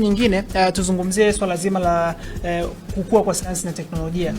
Nyingine uh, tuzungumzie swala zima la uh, kukua kwa sayansi na teknolojia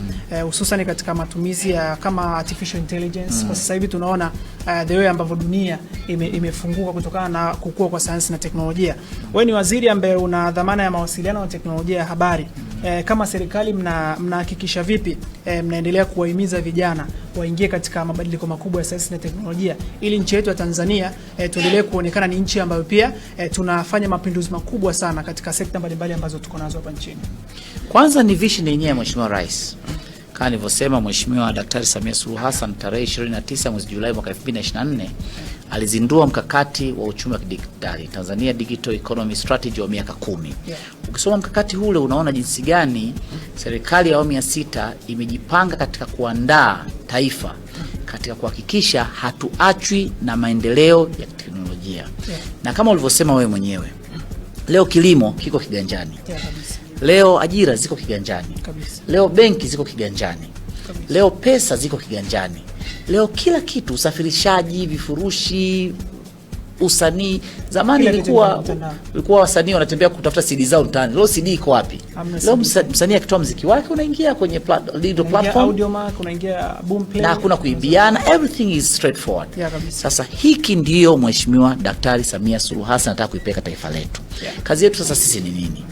hususan mm. uh, katika matumizi ya kama artificial intelligence mm. Kwa sasa hivi tunaona uh, the way ambavyo dunia ime, imefunguka kutokana na kukua kwa sayansi na teknolojia. Mm. Wewe ni waziri ambaye una dhamana ya mawasiliano na teknolojia ya habari mm e, kama serikali mnahakikisha mna vipi e, mnaendelea kuwahimiza vijana waingie katika mabadiliko makubwa ya sayansi na teknolojia ili nchi yetu ya Tanzania e, tuendelee kuonekana ni nchi ambayo pia e, tunafanya mapinduzi makubwa sana katika sekta mbalimbali ambazo tuko nazo hapa nchini. Kwanza ni vision yenyewe ya Mheshimiwa Rais kama alivyosema Mheshimiwa Daktari Samia Suluhu Hassan tarehe 29 mwezi Julai mwaka 2024 alizindua mkakati wa uchumi wa kidigitali Tanzania Digital Economy Strategy wa miaka kumi. Yeah. Ukisoma mkakati ule unaona jinsi gani serikali ya awamu ya sita imejipanga katika kuandaa taifa katika kuhakikisha hatuachwi na maendeleo ya teknolojia. Yeah. Na kama ulivyosema wewe mwenyewe, leo kilimo kiko kiganjani. Yeah, leo ajira ziko kiganjani. Kabisa. Leo benki ziko kiganjani. Kabisa. Leo pesa ziko kiganjani. Leo kila kitu, usafirishaji, vifurushi, usanii. Zamani ilikuwa ilikuwa wasanii wanatembea kutafuta CD zao mtaani. Leo CD iko wapi? Leo msanii akitoa mziki wake unaingia kwenye digital platform, mark, unaingia play, na hakuna kuibiana, everything is straightforward. Sasa hiki ndiyo Mheshimiwa Daktari Samia Suluhu Hassan anataka kuipeka taifa letu. Kazi yetu sasa sisi ni nini?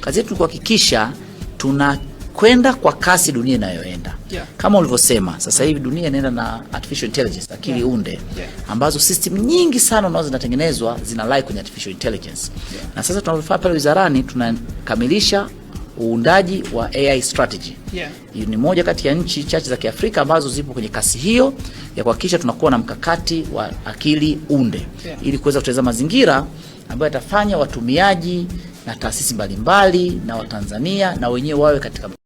Kazi yetu ni kuhakikisha tuna kwenda kwa kasi dunia inayoenda yeah. Kama ulivyosema sasa hivi dunia inaenda na artificial intelligence, akili yeah. unde yeah. ambazo system nyingi sana unazo zinatengenezwa zina lie kwenye artificial intelligence yeah. Na sasa tunavyofanya pale wizarani tunakamilisha uundaji wa AI strategy yeah. Ni moja kati ya nchi chache za Kiafrika ambazo zipo kwenye kasi hiyo ya kuhakikisha tunakuwa na mkakati wa akili unde yeah. Ili kuweza kutengeneza mazingira ambayo yatafanya watumiaji na taasisi mbalimbali na Watanzania na wenyewe wawe katika